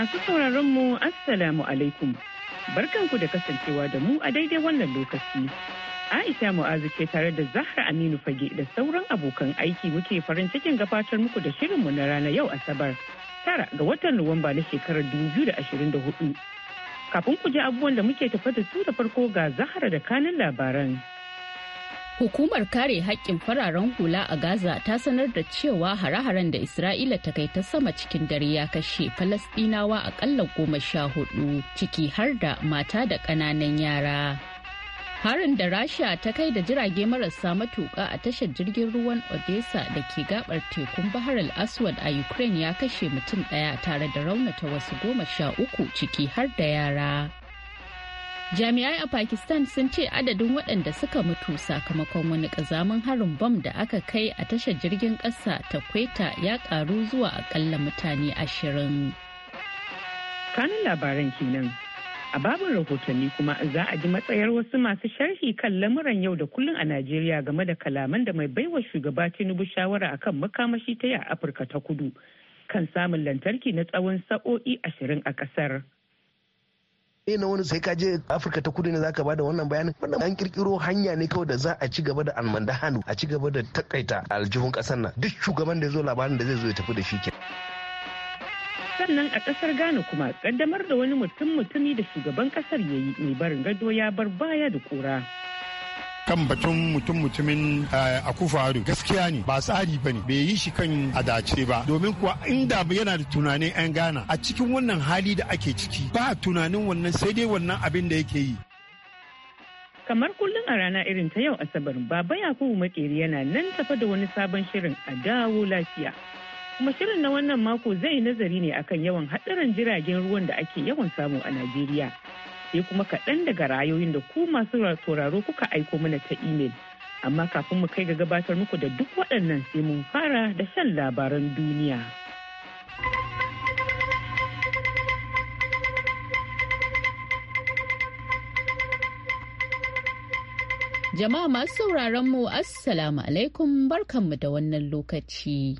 Masu sauraron mu Assalamu alaikum. Barkanku da kasancewa da mu a daidai wannan lokaci. Aisha Mu'azu ce tare da Zahra Aminu Fage da sauran abokan aiki muke farin cikin gabatar muku da shirinmu na rana yau Asabar. Tara ga watan Nuwamba na shekarar 2024. Kafin ku ji abubuwan da muke tafa da su da farko ga Zahra da kanin labaran. Hukumar kare haƙƙin fararen hula a Gaza ta sanar da cewa hare-haren da Isra'ila ta kai ta sama cikin dare ya kashe Falasɗinawa aƙalla goma sha hudu ciki har da mata da ƙananan yara. Harin da Rasha ta kai da jirage marasa matuƙa a tashar jirgin ruwan Odessa da ke gabar tekun Bahar al-Aswad a Ukraine ya kashe mutum ɗaya tare da raunata wasu goma sha uku ciki har da yara. jami'ai a pakistan sun ce adadin waɗanda suka mutu sakamakon wani ƙazamin harin bom da aka kai a tashar jirgin ƙasa ta kweta ya ƙaru zuwa aƙalla mutane ashirin kanin labaran kenan a babin rahotanni kuma za a ji matsayar wasu masu sharhi kan lamuran yau da kullum a najeriya game da kalaman da mai baiwa shugaba tinubu shawara akan makamashi ta yi a afirka ta kudu kan samun lantarki na tsawon sa'o'i ashirin a ƙasar. ne na wani sai ka je afirka ta kudu ne zaka bada wannan bayanin wannan an kirkiro hanya ne kawai da za a ci gaba da almanda hannu a ci gaba da takaita aljihun kasar nan duk shugaban da ya zo labarin da zai zo ya tafi da shi ke sannan a kasar ghana kuma kaddamar da wani mutum mutumi da shugaban kasar ya yi mai barin gado ya bar baya da kura kan batun mutum mutumin a eh, ado gaskiya ne ba tsari ba ne bai yi shi kan adace ba domin kuwa inda yana da tunanin 'yan gana a cikin wannan hali da ake ciki ba tunanin wannan sai dai wannan abin da yake yi kamar kullum a rana irin ta yau asabar baba yakubu makeri yana nan tafa da wani sabon shirin a dawo lafiya kuma shirin na wannan mako zai nazari ne akan yawan haɗarin jiragen ruwan da ake yawan samu a najeriya sai kuma kaɗan daga rayoyin da ku masu sauraro kuka aiko mana ta imel. Amma kafin mu kai ga gabatar muku da duk waɗannan sai mun fara da shan labaran duniya. Jama'a masu sauraron mu Assalamu alaikum barkanmu da wannan lokaci.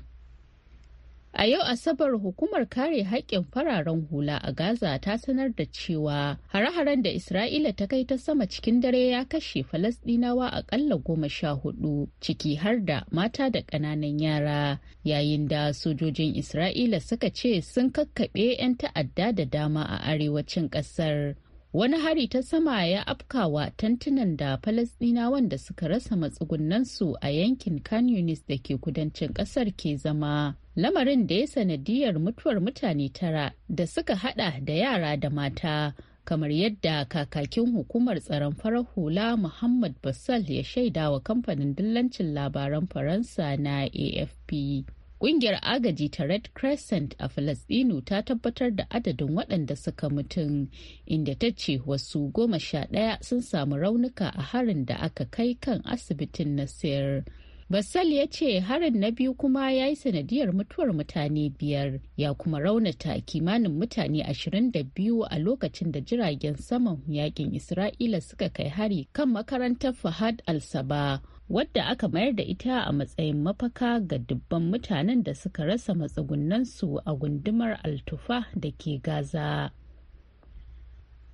A yau Asabar hukumar kare haƙƙin fararen hula a Gaza ta sanar da cewa hare-haren da Isra'ila ta kai ta sama cikin dare ya kashe Falasɗinawa aƙalla goma sha hudu ciki har da mata da ƙananan yara yayin da sojojin Isra'ila suka ce sun kakkaɓe 'yan ta'adda da dama a arewacin ƙasar. wani hari ta sama ya afkawa tantunan da falasdinawan wanda suka rasa matsugunansu a yankin kan da ke kudancin kasar ke zama lamarin da ya sanadiyar mutuwar mutane tara da suka hada da yara da mata kamar yadda kakakin hukumar tsaron farar hula muhammad basal ya shaidawa kamfanin dillancin labaran faransa na afp Ƙungiyar agaji ta Red Crescent a Falasɗinu ta tabbatar da adadin waɗanda suka mutum inda ta ce wasu goma sha ɗaya sun samu raunuka a harin da aka kai kan asibitin Nasir. Basal ya ce harin na biyu kuma ya yi sanadiyar mutuwar mutane biyar ya kuma raunata kimanin mutane ashirin da biyu a lokacin da jiragen saman yakin Isra'ila suka kai hari kan makarantar Fahad al-Saba wadda aka mayar da ita a matsayin mafaka ga dubban mutanen da suka rasa matsugunansu a gundumar altufa da ke gaza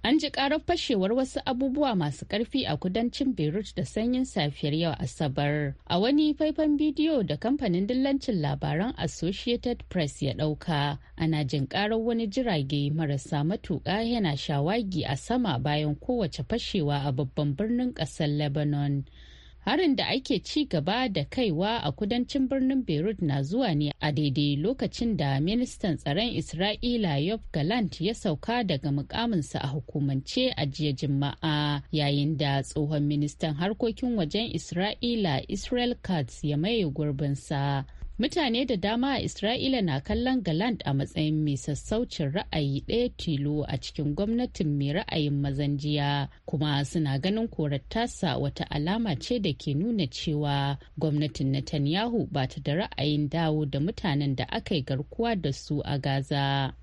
an ji karar fashewar wasu abubuwa masu karfi a kudancin beirut da sanyin safiyar yau asabar a wani faifan bidiyo da kamfanin dillancin labaran associated press ya dauka ana jin karar wani jirage marasa matuƙa yana shawagi a sama bayan kowace fashewa a babban birnin ƙasar lebanon harin da ake ci gaba da kaiwa a kudancin birnin beirut na zuwa ne a daidai lokacin da ministan tsaron isra'ila yob galant ya sauka daga mukaminsa a hukumance a jiya jima'a yayin da tsohon ministan harkokin wajen isra'ila israel katz ya maye gurbinsa Mutane da dama a Isra'ila na kallon Galant a matsayin mai sassaucin ra'ayi ɗaya tilo a cikin gwamnatin mai ra'ayin mazanjiya, kuma suna ganin korattasa wata alama ce da ke nuna cewa gwamnatin Netanyahu ba ta da ra'ayin dawo da mutanen da aka yi garkuwa da su a Gaza.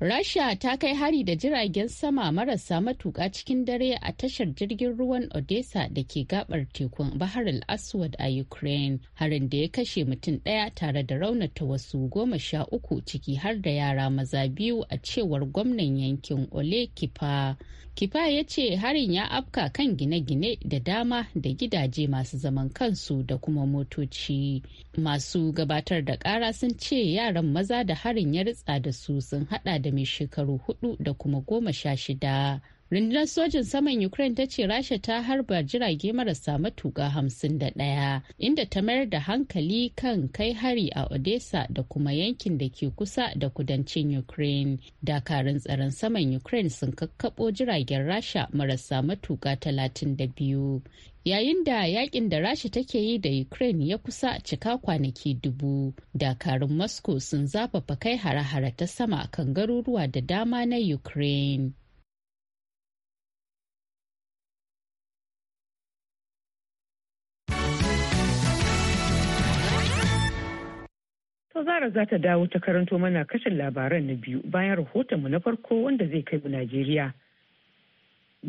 Rasha ta kai hari da jiragen sama marasa matuƙa cikin dare a tashar jirgin ruwan Odessa da ke gabar tekun Bahar al-Aswad a Ukraine, harin da ya kashe mutum ɗaya tare da raunata wasu goma sha uku ciki har da yara maza biyu a cewar gwamnan yankin Ole Kipa. Kipa ya ce harin ya afka kan gine-gine da dama da gidaje masu zaman kansu da kuma motoci. Masu gabatar da ƙara sun ce yaran maza da harin ya ritsa da su sun hada da da mai shekaru hudu da kuma goma sha shida. rundunar sojin saman ukraine ta ce rasha ta harba jirage marasa matuka hamsin da ɗaya inda ta mayar da hankali kan kai hari a odessa da kuma yankin da ke kusa da kudancin ukraine dakarun tsaron saman ukraine sun kakkabo jiragen rasha marasa matuka talatin da biyu yayin da yakin da rasha take yi da ukraine ya kusa cika kwanaki dubu dakarun moscow sun zafafa kai hare-hare ta sama kan garuruwa da dama na ukraine To Zara za ta dawo ta karanto mana kashin labaran na biyu bayan rahotonmu na farko wanda zai kai mu Najeriya.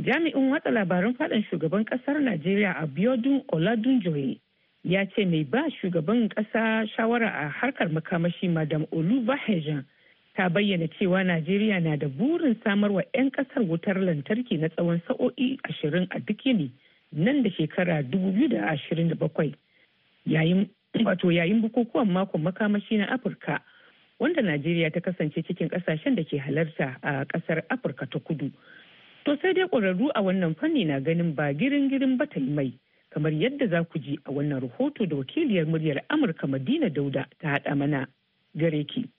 jami'in watsa labaran faɗin shugaban ƙasar najeriya abiodun oladunjoye ya ce mai ba shugaban ƙasa shawara a harkar makamashi madam olubahejan ta bayyana cewa najeriya na da burin samarwa 'yan kasar wutar lantarki na tsawon sa'o'i 20 a duk yini nan da shekara 2027 yayin wato yayin bukukuwan makon makamashi na afirka wanda najeriya ta kasance cikin kasashen da ke halarta a kasar afirka ta kudu To sai dai ƙwararru a wannan fanni na ganin ba girin-girin ba ta yi mai kamar yadda za ku ji a wannan rahoto da wakiliyar muryar Amurka Madina Dauda ta haɗa mana gare ki.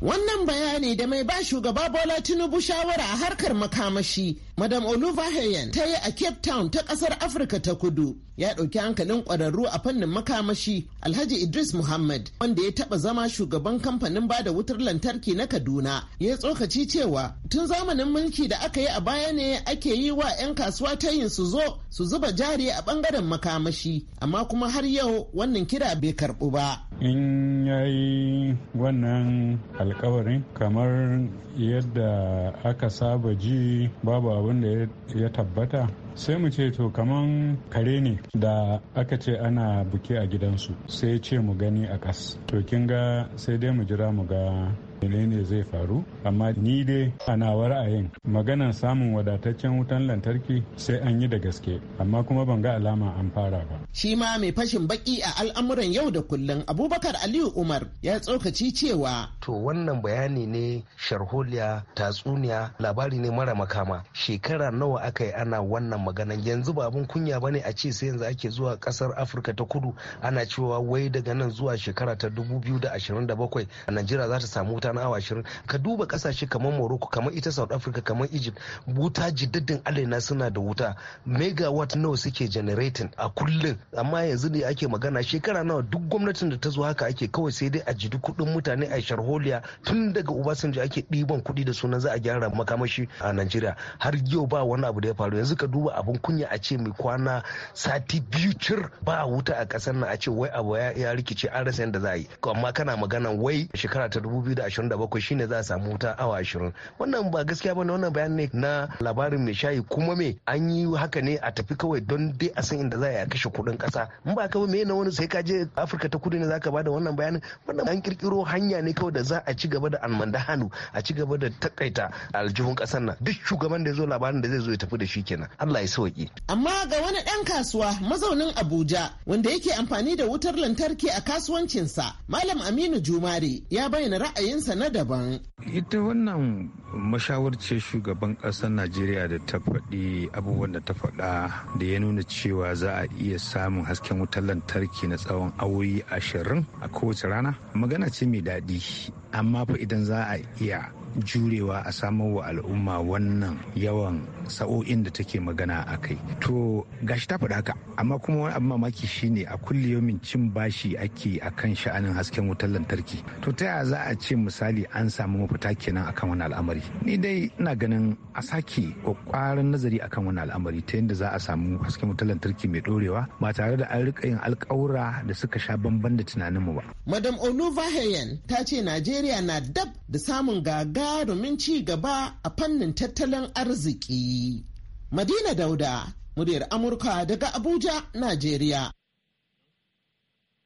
Wannan bayani da mai ba shugaba Bola Tinubu shawara a harkar makamashi, Madam Oluvaheyan ta yi a Cape Town ta ƙasar Afirka ta Kudu. ya ɗauki hankalin ƙwararru a fannin makamashi Alhaji Idris Muhammad wanda ya taɓa zama shugaban kamfanin ba da wutar lantarki na Kaduna ya tsokaci cewa tun zamanin mulki da aka yi a baya ne ake yi wa 'yan kasuwa ta yin su zo su zuba jari a ɓangaren makamashi amma kuma har yau wannan kira bai karɓu ba. In ya yi wannan alkawarin kamar yadda aka saba ji babu abin da ya tabbata sai mu ce to kaman kare ne da aka ce ana buke a gidansu sai ce mu gani a kas to kin ga sai dai mu jira mu ga menene zai faru amma ni dai ana a yin ra'ayin maganan samun wadataccen wutan lantarki sai an yi da gaske amma kuma ban ga alama an fara ba shi ma mai fashin baki a al'amuran yau da kullum abubakar aliyu umar ya tsokaci cewa to wannan bayani ne sharholiya tatsuniya labari ne mara makama shekara nawa aka yi ana wannan maganan yanzu ba abun kunya ba ne a ce sai yanzu ake zuwa kasar afirka ta kudu ana cewa wai daga nan zuwa shekara ta 2027 a najeriya za ta samu wuta na awa 20 ka duba kasashe kamar morocco kamar ita south africa kamar egypt wuta jiddadin alaina suna da wuta megawatt nawa suke generating a kullum amma yanzu ne ake magana shekara nawa duk gwamnatin da ta zo haka ake kawai sai dai a jidu kudin mutane a sharholiya tun daga obasanjo ake ɗiban kuɗi da sunan za a gyara makamashi a nigeria har yau ba wani abu da ya faru yanzu ka duba abin kunya a ce mai kwana sati biyu cir ba wuta a ƙasar nan a ce wai abu ya rikice an rasa yanda za a yi amma kana magana wai shekara ta 2020 27 shine za a samu wuta awa 20 wannan ba gaskiya bane wannan bayan ne na labarin mai shayi kuma me an yi haka ne a tafi kawai don dai a san inda za a kashe kuɗin ƙasa in ba kawai me na wani sai ka je Afirka ta kudu ne za ka bada wannan bayanin wannan an kirkiro hanya ne kawai da za a ci gaba da almanda hannu a ci gaba da takaita aljihun ƙasar nan duk shugaban da ya zo labarin da zai zo ya tafi da shi kenan Allah ya sauki amma ga wani ɗan kasuwa mazaunin Abuja wanda yake amfani da wutar lantarki a kasuwancinsa Malam Aminu Jumare ya bayyana ra'ayinsa sa na daban. Ita wannan mashawarce shugaban ƙasar Najeriya da ta faɗi abubuwan da ta faɗa da ya nuna cewa za a iya samun hasken wutar lantarki na tsawon awoyi ashirin a kowace rana magana ce mai daɗi amma fa idan za a iya jurewa a samar wa al'umma wannan yawan sa'o'in da take magana a kai to gashi ta faɗa haka amma kuma wani abu mamaki shine a kulliyomin cin bashi ake a akan sha'anin hasken wutar lantarki to ta yaya za a ce misali an samu mafita kenan akan wani al'amari ni dai ina ganin a sake kwakwaran nazari akan wani al'amari ta yadda za a samu hasken wutar lantarki mai dorewa ba tare da an rika yin alkawura da suka sha bamban da tunaninmu ba madam onuva heyen ta ce najeriya na dab da samun gaga shiga domin ci gaba a fannin tattalin arziki. Madina Dauda, muryar Amurka daga Abuja, Najeriya.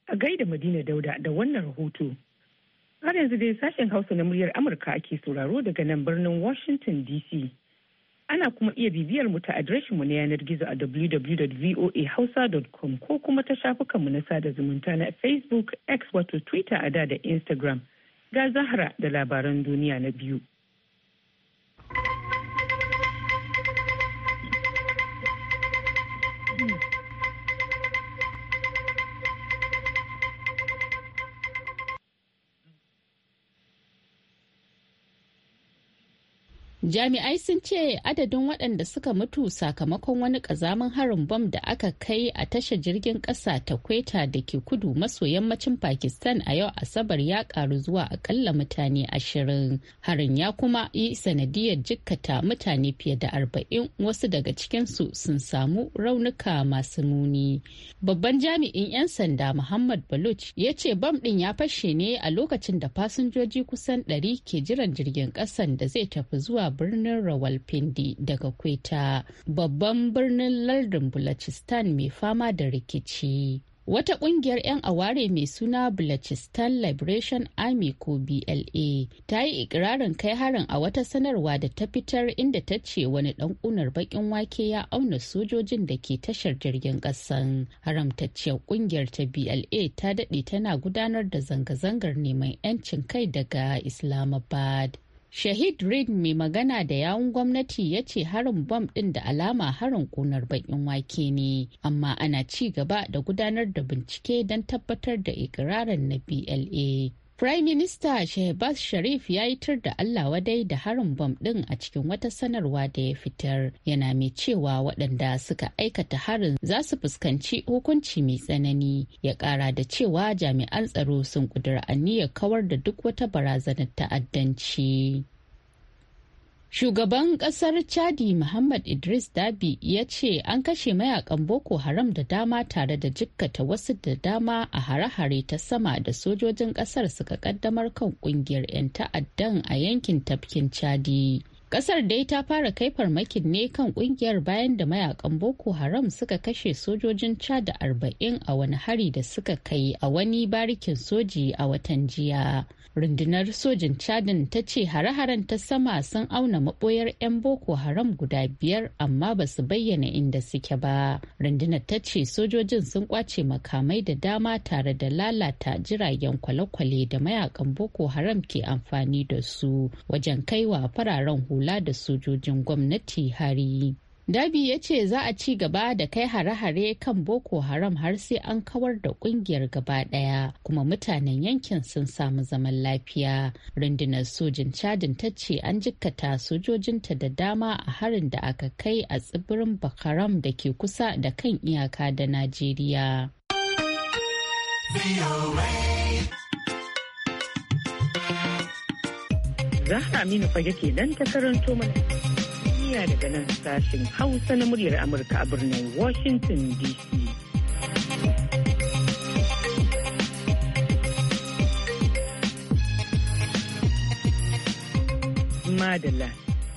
A gaida Madina Dauda da wannan rahoto. Har yanzu dai sashen Hausa na muryar Amurka ake sauraro daga nan birnin Washington DC. Ana kuma iya bibiyar mu ta mu na yanar gizo a www.voahausa.com ko kuma ta shafukanmu na sada zumunta na Facebook, X wato Twitter a da da Instagram. ga Zahra da labaran duniya na biyu. jami'ai sun ce adadin waɗanda suka mutu sakamakon wani ƙazamin harin bom da aka kai a tashar jirgin ƙasa ta kweta da ke kudu maso yammacin pakistan a yau asabar ya ƙaru zuwa aƙalla mutane ashirin harin ya kuma yi sanadiyar jikkata mutane fiye da arba'in wasu daga cikinsu sun samu raunuka masu muni babban jami'in 'yan sanda muhammad baluch ya ce bom ɗin ya fashe ne a lokacin da fasinjoji kusan 100 ke jiran jirgin ƙasan da zai tafi zuwa birnin rawalpindi daga kweta babban birnin lardin bulacistan mai fama da rikici wata kungiyar 'yan aware mai suna Balochistan Liberation Army ko BLA ta yi ikirarin kai harin a wata sanarwa da ta fitar inda ta ce wani dan kunar bakin wake ya auna sojojin da ke tashar jirgin kasan haramtacciyar kungiyar ta BLA ta dade tana gudanar da zanga-zangar neman 'yancin kai daga Islamabad Shahid Reid mai magana da yawun gwamnati ya ce harin bom ɗin da alama harin ƙunar baƙin wake ne, amma ana ci gaba da gudanar da bincike don tabbatar da ikirarin na BLA. Prime Minister Shehbaz Sharif ya yi tur da Allah wadai da harin bom ɗin a cikin wata sanarwa da ya fitar yana mai cewa waɗanda suka aikata harin za su fuskanci hukunci mai tsanani ya ƙara da cewa jami'an tsaro sun ƙudura aniyar kawar da duk wata barazanar ta'addanci. Shugaban ƙasar Chadi Muhammad Idris Dabi ya ce an kashe mayakan Boko Haram da dama tare da jikkata wasu da dama a hare-hare ta sama da sojojin ƙasar suka ƙaddamar kan ƙungiyar 'yan ta'addan a yankin tafkin Chadi. Kasar dai ta fara kai farmakin ne kan kungiyar bayan da mayakan Boko Haram suka kashe sojojin da arba'in a wani hari da suka kai a wani barikin soji a watan jiya. Rundunar sojin Chadin ta ce hare-haren ta sama sun auna maboyar 'yan Boko Haram guda biyar amma ba su bayyana inda suke ba. Rundunar ta ce sojojin sun kwace makamai da dama tare da lalata jiragen kwale-kwale da mayakan Boko Haram ke amfani da su wajen kaiwa fararen hula. kula da sojojin gwamnati hari. Dabi ya ce za a ci gaba da kai hare-hare kan Boko Haram har sai an kawar da kungiyar gaba ɗaya kuma mutanen yankin sun samu zaman lafiya. Rundunar sojin Chadin ta ce an jikkata sojojinta da dama a harin da aka kai a tsibirin Bakaram da ke kusa da kan iyaka da Najeriya. Za a Aminu fage kenan ta karanto mana duniya daga nan sashen Hausa na muryar Amurka a birnin Washington DC. Madala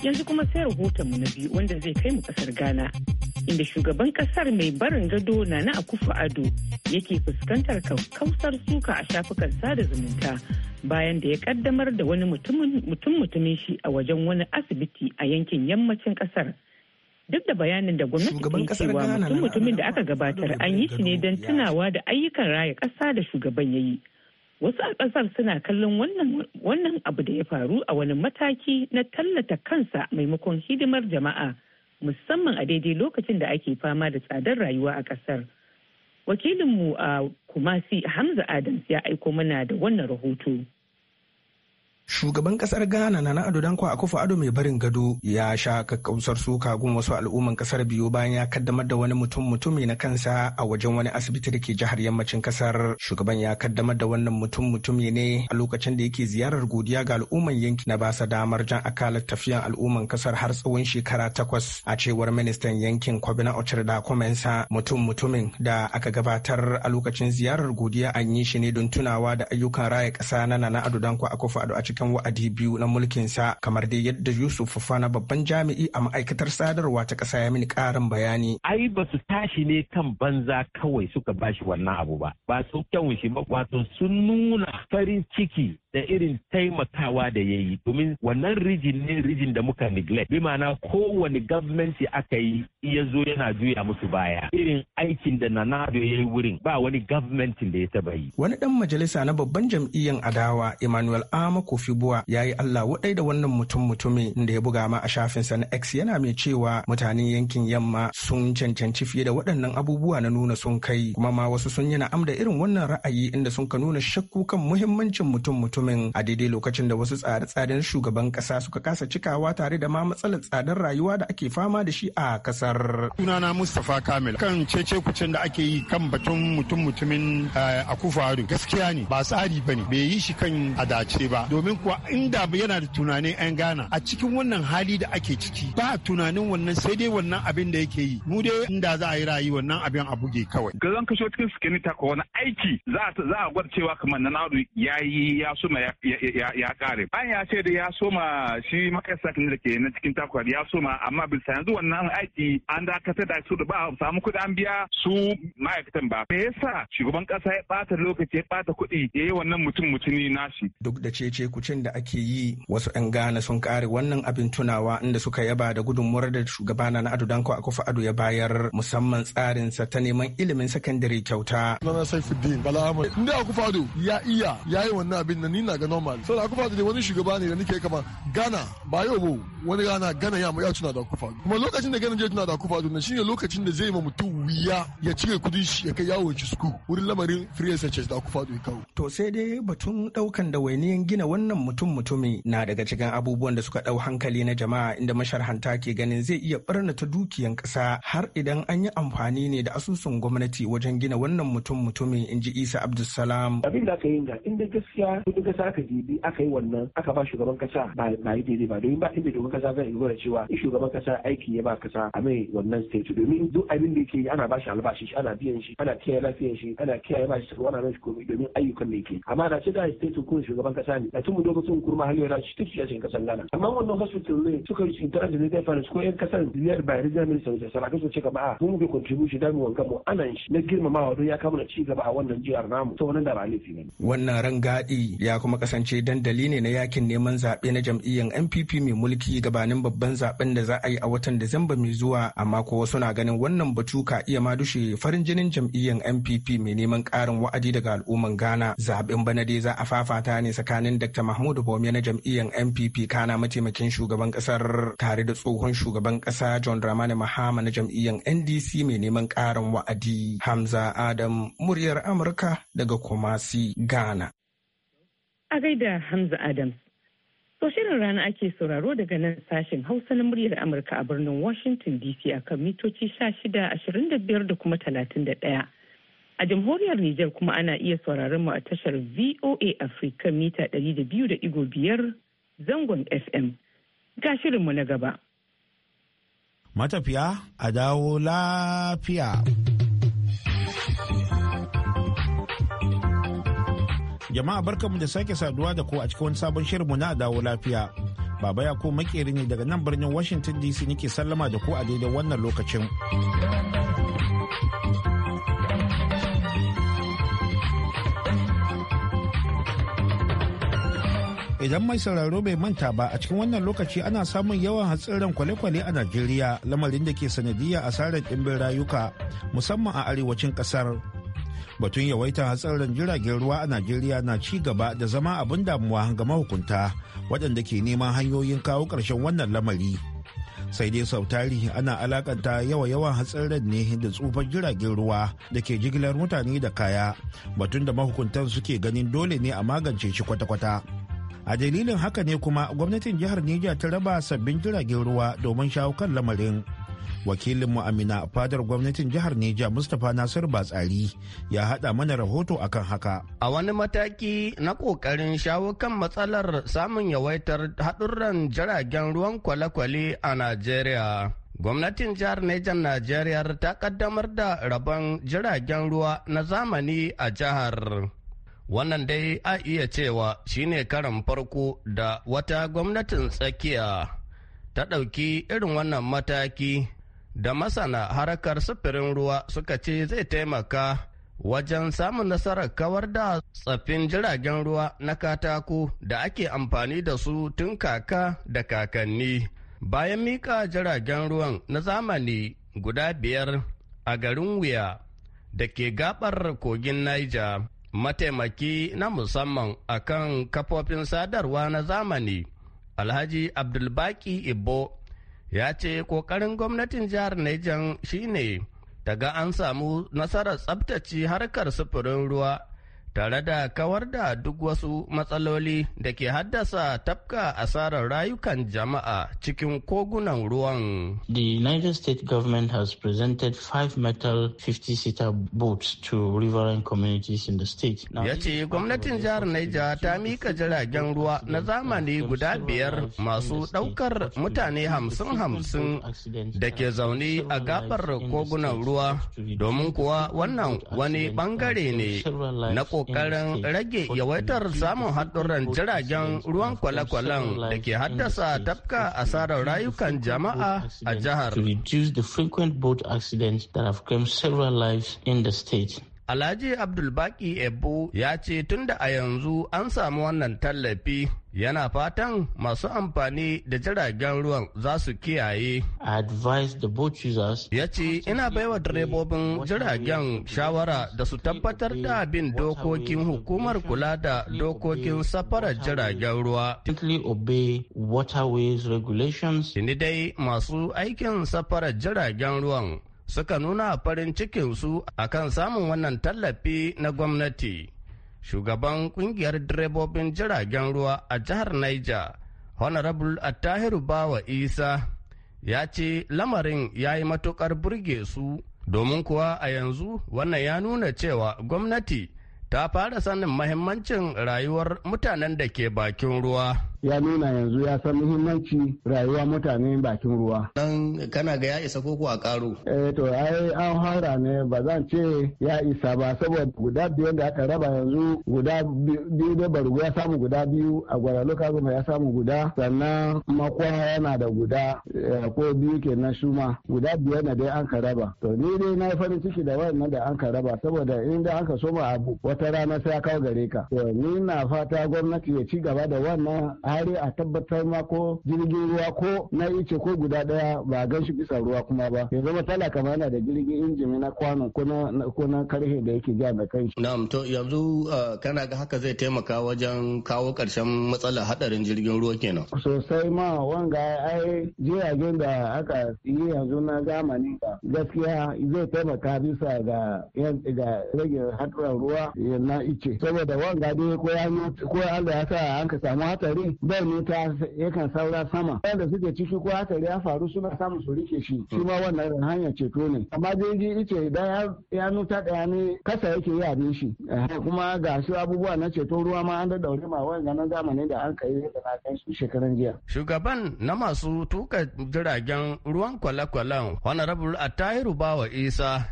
Yanzu kuma sai rahotonmu na biyu wanda zai kai mu kasar Ghana. Inda shugaban kasar mai barin gado na na Akufo Ado yake fuskantar kakkausar suka a shafukan sada zumunta bayan da ya kaddamar da wani mutum mutumin shi a wajen wani asibiti a yankin yammacin kasar duk da bayanin da gwamnati ke cewa mutum mutumin da aka gabatar an yi shi ne don tunawa da ayyukan raya kasa da shugaban ya yi wasu a kasar suna kallon wannan abu da ya faru a wani mataki na tallata kansa maimakon hidimar jama'a musamman a daidai lokacin da ake fama da tsadar rayuwa a kasar. wakilinmu a uh, kumasi hamza adams ya aiko mana da wannan rahoto shugaban kasar ghana na ado dankwa akufo ado mai barin gado ya sha kakkausar suka gun wasu al'umman kasar biyu bayan ya kaddamar da wani mutum mutumi na kansa a wajen wani asibiti da ke jihar yammacin kasar shugaban ya kaddamar da wannan mutum mutumi ne a lokacin da yake ziyarar godiya ga al'umman yanki na basa damar jan akalar tafiyan al'umman kasar har tsawon shekara takwas a cewar ministan yankin kwabina ochir da Kwamensa. mutum mutumin da aka gabatar a lokacin ziyarar godiya an yi shi ne don tunawa da ayyukan raya kasa na nana ado dankwa akufo ado a cikin cikin wa'adi biyu na mulkinsa kamar dai yadda Yusuf Fafana babban jami'i a ma'aikatar sadarwa ta ƙasa ya mini ƙarin bayani. Ai ba su tashi ne kan banza kawai suka bashi wannan abu ba. Ba su kyawun shi ba wato sun nuna farin ciki da irin taimakawa da ya yi domin wannan rijin ne rijin da muka neglect bi ma'ana kowane gwamnati aka yi iya zo yana juya musu baya irin aikin da nado ya yi wurin ba wani gwamnati da ya taba yi wani dan majalisa na babban jam'iyyar adawa emmanuel ama buwa ya yi allah wadai da wannan mutum mutumi da ya buga ma a shafinsa na x yana mai cewa mutanen yankin yamma sun cancanci fiye da waɗannan abubuwa na nuna sun kai kuma ma wasu sun yi na'am da irin wannan ra'ayi inda sun ka nuna shakku kan muhimmancin mutum mutum mutumin a daidai lokacin da wasu tsare-tsaren shugaban kasa suka kasa cikawa tare da ma matsalar tsadar rayuwa da ake fama da shi a kasar. Sunana Mustapha Kamil kan cece kucin da ake yi kan batun mutum mutumin eh, kufaru gaskiya ne ba tsari ba ne. bai yi shi kan a dace ba domin kuwa inda yana da tunanin 'yan Ghana a cikin wannan hali da ake ciki ba tunanin wannan sai dai wannan abin da yake yi mu dai inda za a yi rayuwa wannan abin a buge kawai. zan kashe cikin sikini ta wani aiki za a gwada cewa kamar na ya yi ya so suma ya kare bayan ya ce da ya soma shi ne da ke na cikin takwar ya soma amma bisa yanzu wannan aiki an dakatar da su da ba a samu kuɗi an biya su ma'aikatan ba me yasa shugaban kasa ya bata lokaci ya bata kuɗi ya yi wannan mutum mutumi nashi duk da cece kucin da ake yi wasu 'yan gana sun kare wannan abin tunawa inda suka yaba da gudunmuwar da shugaba na Ado Danko Akufo Ado ya bayar musamman tsarinsa ta neman ilimin sakandare kyauta. Saifuddin Bala Ahmad. Inda Ado ya iya ya yi wannan abin nan ni na ga normal so akufa da wani shugaba ne da nake kama Ghana ba yau ba wani rana Ghana ya ya tuna da akufa kuma lokacin da Ghana je tuna da akufa ne shine lokacin da zai ma mutum wuya ya cire kudin shi ya kai yawo ci suku wurin lamarin free sanchez da akufa da kawo to sai dai batun daukan da wainiyan gina wannan mutum mutumi na daga cikin abubuwan da suka dau hankali na jama'a inda masharhanta ke ganin zai iya ta dukiyan kasa har idan an yi amfani ne da asusun gwamnati wajen gina wannan mutum mutumi in ji Isa Abdulsalam abin da aka yi ga inda gaskiya kasa aka jibi aka yi wannan aka ba shugaban kasa ba yi daidai ba domin ba inda shugaban kasa zai gwada cewa in shugaban kasa aiki ya ba kasa a mai wannan state domin duk abin da yake ana ba shi albashi shi ana biyan shi ana kiyaye lafiyar shi ana kiyaye ba shi ana nan shi komai domin ayyukan da yake amma na ce da state ko shugaban kasa ne a tun lokacin kurma har yau shi take cikin kasar lana amma wannan hospital ne suka yi interact da zai fara ko yan kasar biyar ba rijal minister da saraka su ce ka ba mun bi contribution da mu wanka mu anan shi na girmamawa don ya kama da ci gaba a wannan jihar namu to wannan da ba laifi ne wannan rangadi ya kuma kasance dandali ne na yakin neman zaɓe na jam'iyyar NPP mai mulki gabanin babban zaɓen da za a yi a watan Disamba mai zuwa amma ko wasu ganin wannan batu ka iya ma dushe farin jinin jam'iyyar NPP mai neman ƙarin wa'adi daga al'umman Ghana. Zaɓen bana dai za a fafata ne tsakanin Dr. Mahmudu bome na jam'iyyar NPP kana mataimakin shugaban ƙasar tare da tsohon shugaban ƙasa John Dramani Mahama na jam'iyyar NDC mai neman ƙarin wa'adi. Hamza Adam muryar Amurka daga Kumasi, Ghana. a gaida Hamza Adams. To shirin rana ake sauraro daga nan sashen Hausa na muryar Amurka a birnin Washington DC a kan mitoci 1625 da kuma 31. A jamhuriyar Nijar kuma ana iya sauraron mu a tashar VOA Africa mita 200.5 zangon FM. Ga mu na gaba. Matafiya a dawo lafiya. Jama'a barkanmu da sake saduwa da ku a cikin wani sabon shirinmu na dawo lafiya. Baba ya ko makeri ne daga nan birnin Washington DC nake sallama da ku a daidai wannan lokacin. Idan mai sauraro bai manta ba a cikin wannan lokaci ana samun yawan hatsiran kwale-kwale a Najeriya lamarin da ke sanadiyya asarar ɗimbin rayuka musamman a arewacin ƙasar. batun yawaita hatsarin jiragen ruwa a najeriya na ci gaba da zama abin damuwa ga mahukunta waɗanda ke neman hanyoyin kawo ƙarshen wannan lamari sai dai sautari ana alakanta yawa-yawan hatsarin ne da tsufan jiragen ruwa da ke jigilar mutane da kaya batun da mahukuntan suke ganin dole ne a magance shi kwata-kwata a dalilin haka ne kuma gwamnatin jihar Niger ta raba sabbin jiragen ruwa domin shawo kan lamarin wakilin mu'amina fadar gwamnatin jihar neja mustapha nasir batsari ya hada mana rahoto akan haka a wani mataki na kokarin shawo kan matsalar samun yawaitar haɗurran jiragen ruwan kwale-kwale a najeriya Gwamnatin jihar Nejan Najeriya ta kaddamar da rabon jiragen ruwa na zamani a jihar. Wannan dai a iya cewa shine karan farko da wata gwamnatin tsakiya ta ɗauki irin wannan mataki da masana harakar sufurin ruwa suka ce zai taimaka wajen samun nasarar kawar da tsaffin jiragen ruwa na katako da ake amfani da su tun kaka da kakanni bayan mika jiragen ruwan na zamani guda biyar a garin wuya da ke gabar kogin niger mataimaki na musamman akan kafofin sadarwa na zamani alhaji abdulbaki ibo ya ce ƙoƙarin gwamnatin jihar Niger shine ta ga an samu nasarar tsabtace harkar sufurin ruwa tare da kawar da duk wasu matsaloli da ke haddasa tafka asarar rayukan jama'a cikin kogunan ruwan. The United States government has presented five metal 50-seater boats to riverine communities in the state. Ya ce gwamnatin jihar Niger ta mika jiragen ruwa na zamani guda biyar masu ɗaukar mutane hamsin-hamsin da ke zaune a gabar kogunan ruwa domin kuwa wannan wani bangare ne na ƙoƙarin rage yawaitar samun haɗurran jiragen ruwan kwale da ke haddasa tafka asarar rayukan jama'a a jihar. To reduce the frequent boat accidents that have claimed several lives in the state. Alhaji Abdulbaki Ebo ya ce tunda a yanzu an samu wannan tallafi yana fatan masu amfani da jiragen ruwan za su kiyaye. Ya ce ina baiwa direbobin jiragen shawara da su tabbatar da bin dokokin hukumar kula da dokokin safarar jiragen ruwa. Ni dai masu aikin safarar jiragen ruwan suka nuna farin cikinsu a kan samun wannan tallafi na gwamnati. Shugaban kungiyar direbobin jiragen ruwa a jihar Niger, Honorable Attahiru Bawa Isa, ya ce lamarin ya yi matukar burge su domin kuwa a yanzu wannan ya nuna cewa gwamnati ta fara sanin mahimmancin rayuwar mutanen da ke bakin ruwa. ya nuna yanzu ya san muhimmanci rayuwa mutane bakin ruwa. Dan kana ga ya isa koko a karo? Eh to ai an hara ne ba zan ce ya isa ba saboda guda biyu da aka raba yanzu guda biyu da barugu ya samu guda biyu a gwaralo kazuma ya samu guda sannan makwa yana da guda eh, ko biyu kenan shuma guda biyu na dai an ka raba. To ni dai na farin ciki da wannan da an ka raba saboda in da an ka soma abu wata rana sai ya kawo gare ka. To ni na fata gwamnati ya ci gaba da wannan hari a tabbatar ma ko jirgin ruwa ko na ice ko guda daya ba gan shi bisa ruwa kuma ba ya zama tala kamar yana da jirgin injimi na kwano ko na ko karhe da yake ja da kanshi na'am to yanzu uh, kana ga haka zai taimaka wajen kawo karshen matsalar hadarin jirgin ruwa kenan sosai ma wanga ai jiragen da aka yi yanzu na zamani ba. gaskiya zai taimaka bisa ga ga rage hadarin ruwa na ice saboda wanga dai ko ya ko Allah ya sa an ka samu hatsari bai ta yakan saura sama wanda suke ciki ko haka ya faru suna samun su rike shi shi ma wannan hanyar ceto ne amma jirgi ice da ya nuta daya ne kasa yake yi abin shi kuma ga su abubuwa na ceto ruwa ma an da daure ma wani ganin zamanin da an kai da na kai su shekaran jiya shugaban na masu tuka jiragen ruwan kwale-kwalen honorable attahiru bawa isa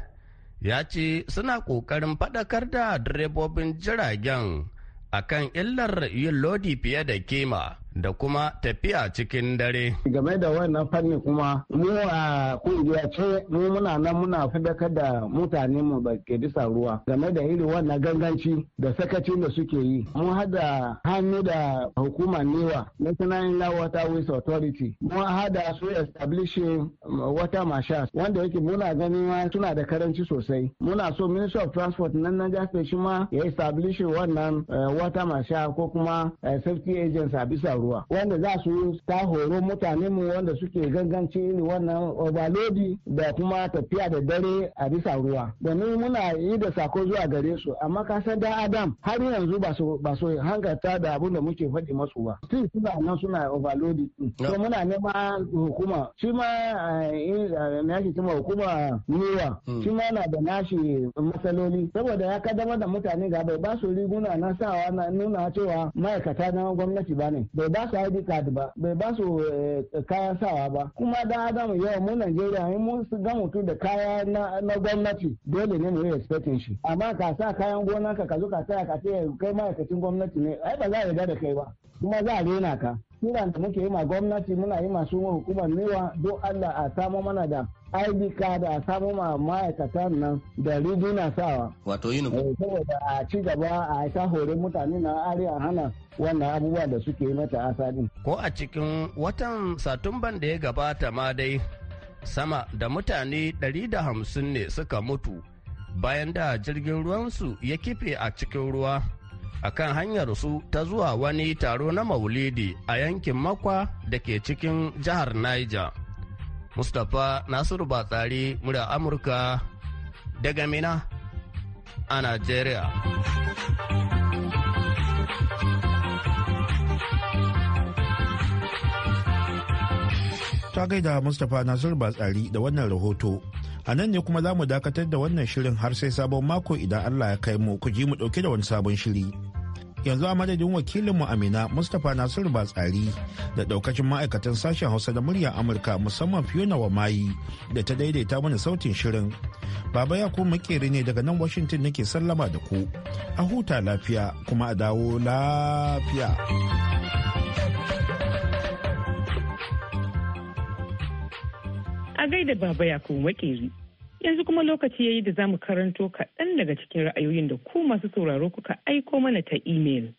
ya ce suna ƙoƙarin faɗakar da direbobin jiragen akan illar yin lodi fiye da kima da kuma tafiya cikin dare. Game da wannan fanni kuma mu a kungiya ce mu muna nan muna fadakar da mutane mu ba ke bisa ruwa game da irin wannan ganganci da sakacin da suke yi. Mun hada hannu da hukumar NEWA National Inland Water Waste Authority. Mun hada su establishing water marshals wanda yake muna ganin ma suna da karanci sosai. Muna so Ministry of Transport nan na jafe shi ma ya establishing wannan eh, water marshal ko kuma eh, safety agents a bisa ruwa. ruwa wanda za su ta horo mutane mu wanda suke ganganci ni wannan obalodi da kuma tafiya da dare a bisa ruwa domin muna yi da sako zuwa gare su amma ka san da adam har yanzu ba su ba su hangarta da abin da muke faɗi masu ba su suna nan suna obalodi to muna nema hukuma shi ma eh, nashi eh, kuma hukuma niwa hmm. shi ma na da nashi matsaloli saboda ya kaddamar da mutane ga bai ba su riguna na sawa na nuna cewa ma'aikata na gwamnati ba ne bai ba su ID card ba bai ba su eh, kayan sawa ba kuma dan adam yawa mu Najeriya in mun su ga mutu da kaya na gwamnati dole ne mu yi expecting shi amma ka sa kayan gonan ka ka zo ka tsaya ka ce kai ma'aikacin gwamnati ne ai ba za a yarda da kai ba kuma za a rena ka kiran da muke yi ma gwamnati muna yi masu hukumar newa don Allah a samo mana da ID da a samo ma ma'aikatan nan da na sawa. Wato yi eh, Saboda a ci gaba a sa hore mutane na ariya hana wannan abubuwa da suke mata asali. Ko a cikin watan Satumban da ya gabata ma dai sama da mutane 150 ne suka mutu bayan da jirgin ruwansu ya kife a cikin ruwa. a kan hanyar su ta zuwa wani taro na maulidi a yankin makwa da ke cikin jihar Niger. Mustapha Nasiru Batsari murya Amurka daga Mina a nigeria. Ta gaida Mustapha Nasiru Batsari da wannan rahoto. a nan ne kuma za mu dakatar da wannan shirin har sai sabon mako idan allah ya kai mu ku ji mu dauke da wani sabon shiri yanzu a madadin wakilinmu amina mustapha nasiru batsari da daukacin ma'aikatan sashen hausa da muryar amurka musamman fiona wa mayi da ta daidaita mana sautin shirin baba ya ku makeri ne daga nan washington nake sallama da ku a huta lafiya kuma a dawo lafiya agai gaida baba ya kuma makeri. Yanzu kuma lokaci ya yi da za mu karanto kaɗan daga cikin ra'ayoyin da ku masu sauraro kuka aiko mana ta imel.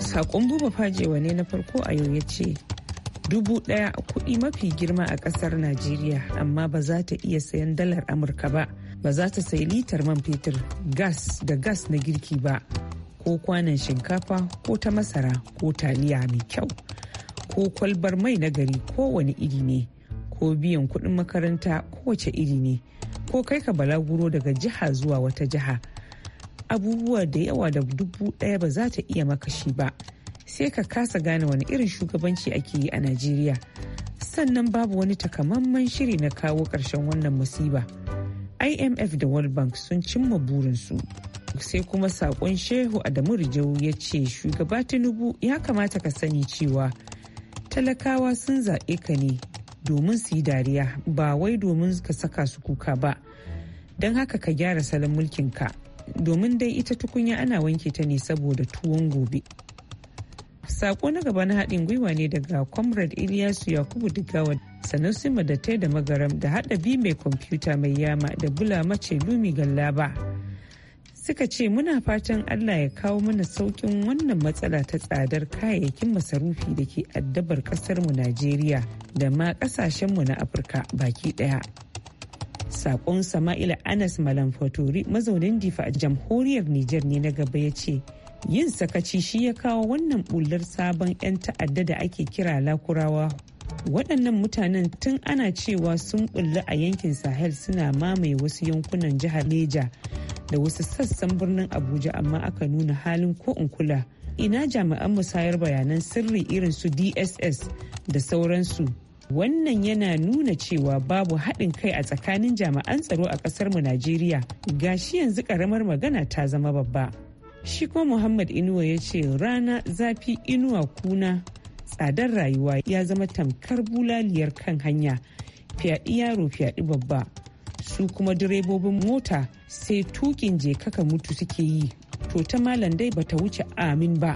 Saƙon buba fajewa ne na farko a yau ya ce, dubu ɗaya kuɗi mafi girma a ƙasar Najeriya amma ba za ta iya sayan dalar Amurka ba, ba za ta sayi litar man fetur, gas da gas na girki ba, ko kwanan shinkafa ko ta masara ko taliya mai kyau. ko kwalbar mai na gari wani iri ne ko biyan kuɗin makaranta kowace iri ne ko kai ka balaguro daga jiha zuwa wata jiha abubuwa da yawa da dubu ɗaya ba za ta iya maka shi ba sai ka kasa gane wani irin shugabanci ake yi a najeriya sannan babu wani takamaiman shiri na kawo ƙarshen wannan musiba imf da world bank sun cimma burinsu sai kuma saƙon shehu adamu rijau ya ce shugaba tinubu ya kamata ka sani cewa talakawa sun zaɓe ka ne domin su yi dariya ba wai domin ka saka su kuka ba don haka ka gyara salon mulkinka domin dai ita tukunya ana wanke ta ne saboda tuwon gobe sako na gaba na haɗin gwiwa ne daga comrade iliyasu yakubu digawa sannan su da magaram da haɗa bi mai kwamfuta mai yama da bula mace lumi gallaba suka ce muna fatan allah ya kawo mana saukin wannan matsala ta tsadar kayayyakin masarufi da ke addabar kasarmu najeriya da ma kasashenmu na afirka baki ɗaya. saƙon sama'ila anas malam Fatori mazaunin difa a jamhuriyar nijar ne na gaba ya ce yin sakaci shi ya kawo wannan bullar sabon 'yan ta'adda da ake kira lakurawa waɗannan mutanen tun ana cewa sun bulla a yankin sahel suna mamaye wasu yankunan jihar neja da wasu sassan birnin abuja amma aka nuna halin ko in kula ina jami'an musayar bayanan sirri irin su dss da sauransu wannan yana nuna cewa babu haɗin kai a tsakanin jami'an tsaro a ƙasar mu najeriya gashi yanzu ƙaramar magana ta zama babba shi kuma muhammad inuwa ya ce rana zafi inuwa kuna tsadar rayuwa ya zama tamkar bulaliyar kan hanya fyaɗi yaro fyaɗi babba su kuma direbobin mota sai tukin je kaka mutu suke yi to ta malam dai bata wuce amin ba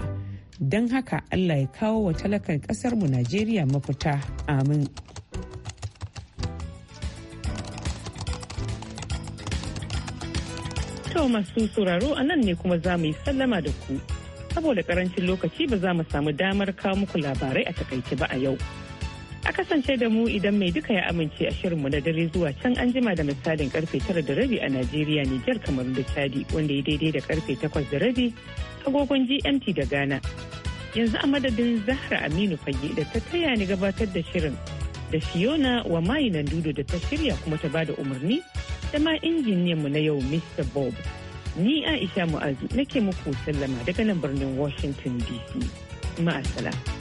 don haka allah ya kawo wa talakan mu najeriya mafita amin To masu sauraro a nan ne kuma za mu yi sallama da ku. Saboda karancin lokaci ba za mu samu damar kawo muku labarai a takaice ba a yau. A kasance da mu idan mai duka ya amince a shirinmu na dare zuwa can an jima da misalin karfe tara da rabi a Najeriya Niger kamar da Chadi wanda ya daidai da karfe takwas da rabi agogon GMT da Ghana. Yanzu a madadin Zahra Aminu Fage da ta taya ni gabatar da shirin da Fiona wa mayi nan dudu da ta shirya kuma ta ba da umarni da ma injiniyanmu na yau Mr. Bob. Ni Aisha Mu'azu nake muku sallama daga nan birnin Washington DC. Ma'asala.